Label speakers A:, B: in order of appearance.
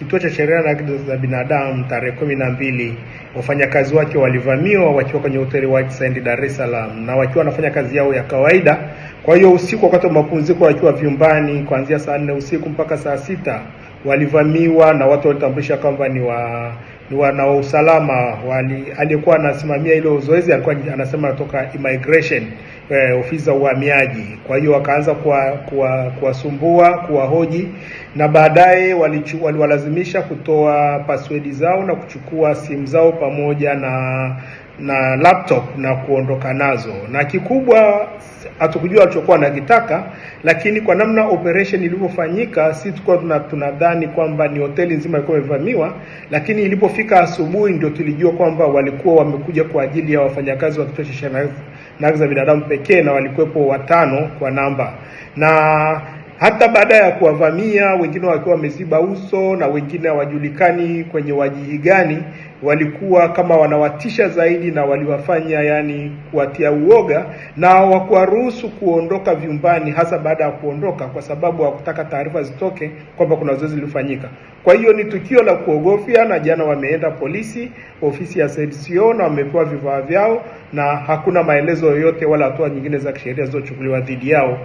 A: Kituo cha Sheria na Haki za Binadamu tarehe kumi na mbili wafanyakazi wake walivamiwa wakiwa kwenye hoteli White Sand Dar es Salaam, na wakiwa wanafanya kazi yao ya kawaida. Kwa hiyo usiku, wakati wa mapumziko, wakiwa vyumbani kuanzia saa nne usiku mpaka saa sita walivamiwa na watu walitambulisha kwamba ni wa ni wana wa usalama wali, aliyekuwa anasimamia ile zoezi alikuwa anasema anatoka immigration eh, ofisi za uhamiaji. Kwa hiyo wakaanza kuwasumbua kuwa, kuwa kuwahoji na baadaye waliwalazimisha kutoa password zao na kuchukua simu zao pamoja na na laptop na kuondoka nazo, na kikubwa hatukujua alichokuwa anakitaka, lakini kwa namna operation ilivyofanyika, si tulikuwa tunadhani kwamba ni hoteli nzima ilikuwa imevamiwa, lakini ilipofika asubuhi ndio tulijua kwamba walikuwa wamekuja kwa ajili ya wafanyakazi wa kituo cha sheria na haki za binadamu pekee, na walikuwepo watano kwa namba na hata baada ya kuwavamia, wengine wakiwa wameziba uso na wengine hawajulikani kwenye wajihi gani, walikuwa kama wanawatisha zaidi, na waliwafanya yani kuwatia uoga na wakuwaruhusu kuondoka vyumbani, hasa baada ya kuondoka, kwa sababu hawakutaka taarifa zitoke kwamba kuna zoezi lilifanyika. Kwa hiyo ni tukio la kuogofya, na jana wameenda polisi ofisi ya SCO na wamepewa vifaa vyao, na hakuna maelezo yoyote wala hatua nyingine za kisheria zilizochukuliwa dhidi yao.